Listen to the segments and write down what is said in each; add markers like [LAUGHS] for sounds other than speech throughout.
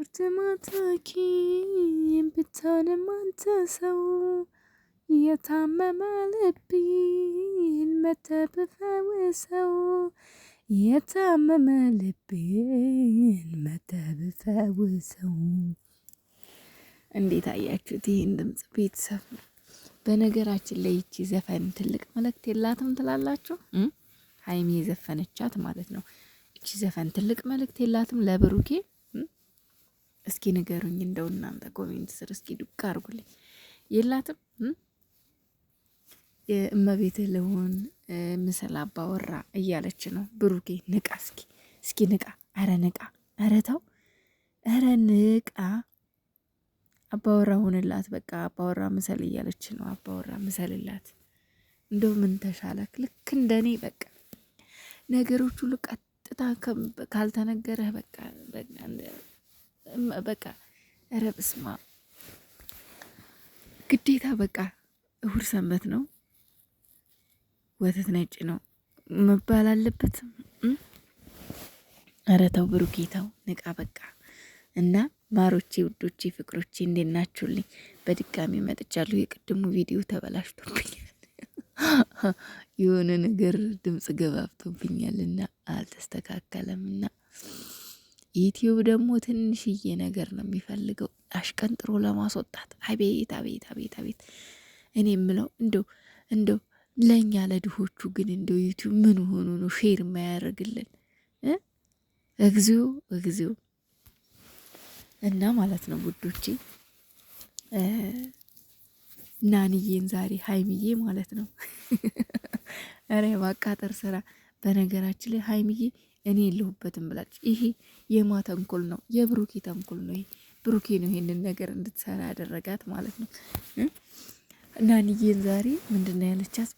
ቁርጥ ማታኪ ብታልም አንተ ሰው የታመመ ልቤን መተብፈውሰው የታመመ ልቤን መተብፈውሰው። እንዴት አያችሁት ይህን ድምጽ ቤተሰብ? በነገራችን ላይ ይቺ ዘፈን ትልቅ መልእክት የላትም ትላላችሁ? ሀይሚ የዘፈነቻት ማለት ነው። ይቺ ዘፈን ትልቅ መልእክት የላትም ለብሩኬ እስኪ ንገሩኝ እንደው እናንተ ኮሜንት ስር እስኪ ዱቅ አርጉልኝ። የላትም እመቤትህ ልሆን ምሰል አባወራ እያለች ነው ብሩኬ። ንቃ እስኪ እስኪ ንቃ፣ አረ ንቃ፣ አረ ተው፣ አረ ንቃ። አባወራ ሁንላት በቃ። አባወራ ምሰል እያለች ነው። አባወራ ምሰልላት። እንደው ምን ተሻለክ? ልክ እንደኔ በቃ ነገሮች ሁሉ ቀጥታ ካልተነገረህ በቃ በቃ ኧረ በስመ አብ ግዴታ በቃ እሁድ ሰንበት ነው፣ ወተት ነጭ ነው መባል አለበት። ኧረ ተው ብሩኬ ተው ንቃ በቃ። እና ማሮቼ፣ ውዶቼ፣ ፍቅሮቼ እንዴት ናችሁልኝ? በድጋሚ መጥቻለሁ። የቅድሙ ቪዲዮ ተበላሽቶብኛል፣ [LAUGHS] የሆነ ነገር ድምፅ ገባብቶብኛል እና አልተስተካከለም እና ዩቲዩብ ደግሞ ትንሽዬ ነገር ነው የሚፈልገው አሽቀንጥሮ ለማስወጣት። አቤት አቤት አቤት አቤት! እኔ የምለው እንደው እንደው ለእኛ ለድሆቹ ግን እንደው ዩቲዩብ ምን ሆኑ ነው ሼር የማያደርግልን? እግዚኦ እግዚኦ! እና ማለት ነው ውዶቼ ናንዬን ዛሬ ሀይሚዬ ማለት ነው ኧረ [LAUGHS] የማቃጠር ስራ። በነገራችን ላይ ሀይሚዬ እኔ የለሁበትም ብላች ይሄ የማ ተንኮል ነው? የብሩኬ ተንኮል ነው። ይሄ ብሩኬ ነው ይሄንን ነገር እንድትሰራ ያደረጋት ማለት ነው። ናንዬን ዛሬ ምንድን ነው ያለቻት?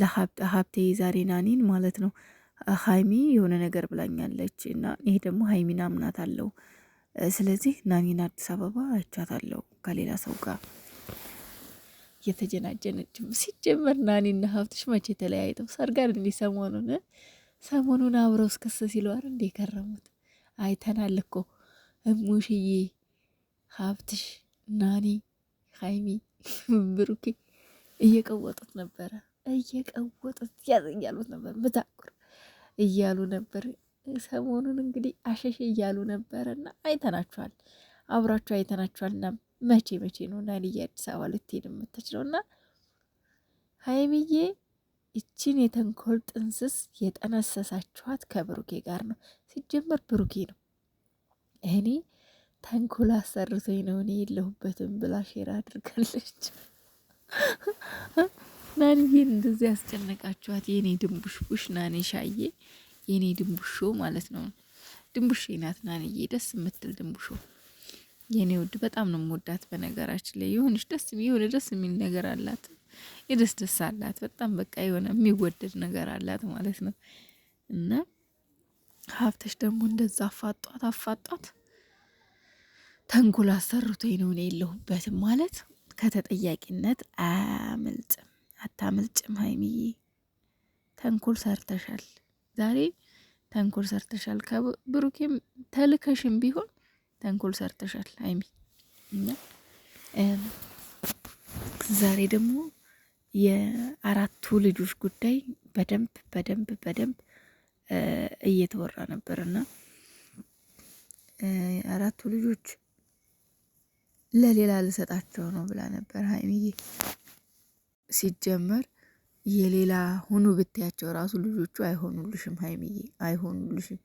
ለሀብቴ ዛሬ ናኒን ማለት ነው ሀይሚ የሆነ ነገር ብላኛለች እና ይሄ ደግሞ ሀይሚን አምናት አለው። ስለዚህ ናኒን አዲስ አበባ አይቻታለሁ ከሌላ ሰው ጋር የተጀናጀነችም ሲጀመር ናኒና ሀብትሽ መቼ ተለያይተው እንዲሰማ ነው። ሰሞኑን አብረው እስክስ ሲለዋል እንዴ ከረሙት አይተናል እኮ እሙሽዬ፣ ሀብትሽ፣ ናኒ፣ ሀይሚ፣ [LAUGHS] ብሩኬ እየቀወጡት ነበረ እየቀወጡት እያሉት ነበር ብታቁር እያሉ ነበር። ሰሞኑን እንግዲህ አሸሽ እያሉ ነበረ እና አይተናችኋል፣ አብራችሁ አይተናችኋል። እና መቼ መቼ ነው ናኒ አዲስ አበባ ልትሄድ የምትችለው እና ሀይሚዬ ይችን የተንኮል ጥንስስ የጠነሰሳችኋት ከብሩኬ ጋር ነው። ሲጀመር ብሩኬ ነው እኔ ተንኮል አሰርቶኝ ነው እኔ የለሁበትም ብላ ሼር አድርጋለች። ናኒዬን እንደዚህ ያስጨነቃችኋት የኔ ድንቡሽቡሽ ናኔ ሻዬ የእኔ ድንቡሾ ማለት ነው። ድንቡሽ ናት ናንዬ፣ ደስ የምትል ድንቡሾ የእኔ ውድ። በጣም ነው የምወዳት። በነገራችን ላይ የሆነች ደስ የሆነ ደስ የሚል ነገር አላት። የደስ ደስ አላት። በጣም በቃ የሆነ የሚወደድ ነገር አላት ማለት ነው። እና ሀብተሽ ደግሞ እንደዛ አፋጧት አፋጧት ተንኮል አሰርቶኝ ነው እኔ የለሁበትም ማለት ከተጠያቂነት አያመልጥም፣ አታመልጭም ሀይሚዬ። ተንኮል ሰርተሻል ዛሬ ተንኮል ሰርተሻል። ከብሩኬም ተልከሽም ቢሆን ተንኮል ሰርተሻል ሀይሚ። እና ዛሬ ደግሞ የአራቱ ልጆች ጉዳይ በደንብ በደንብ በደንብ እየተወራ ነበር እና አራቱ ልጆች ለሌላ ልሰጣቸው ነው ብላ ነበር ሀይሚዬ። ሲጀመር የሌላ ሁኑ ብትያቸው ራሱ ልጆቹ አይሆኑልሽም ሀይሚዬ፣ አይሆኑልሽም።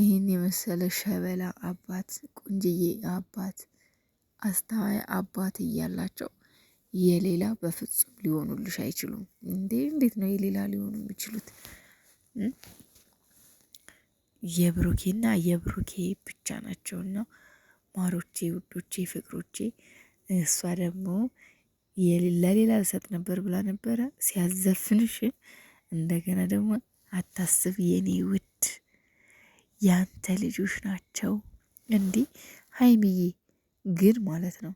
ይህን የመሰለ ሸበላ አባት፣ ቁንጅዬ አባት፣ አስተዋይ አባት እያላቸው የሌላ በፍጹም ሊሆኑልሽ አይችሉም። እንዴ እንዴት ነው የሌላ ሊሆኑ የሚችሉት? የብሩኬና የብሩኬ ብቻ ናቸውና ማሮቼ፣ ውዶቼ፣ ፍቅሮቼ። እሷ ደግሞ ለሌላ ልሰጥ ነበር ብላ ነበረ ሲያዘፍንሽ። እንደገና ደግሞ አታስብ የኔ ውድ ያንተ ልጆች ናቸው። እንዲህ ሀይሚዬ ግን ማለት ነው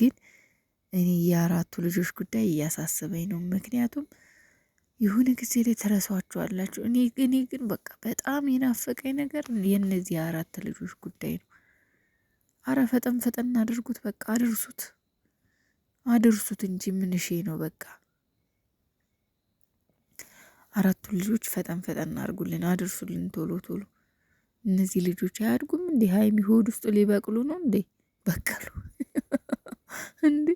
ግን እኔ የአራቱ ልጆች ጉዳይ እያሳሰበኝ ነው። ምክንያቱም የሆነ ጊዜ ላይ ተረሷችኋላችሁ። እኔ እኔ ግን በቃ በጣም የናፈቀኝ ነገር የእነዚህ የአራት ልጆች ጉዳይ ነው። አረ ፈጠን ፈጠን አድርጉት፣ በቃ አድርሱት፣ አድርሱት እንጂ ምንሼ ነው። በቃ አራቱ ልጆች ፈጠን ፈጠን አድርጉልን፣ አድርሱልን ቶሎ ቶሎ። እነዚህ ልጆች አያድጉም እንዴ? ሀይሚ ሆድ ውስጥ ሊበቅሉ ነው እንዴ? በቀሉ። እንዴ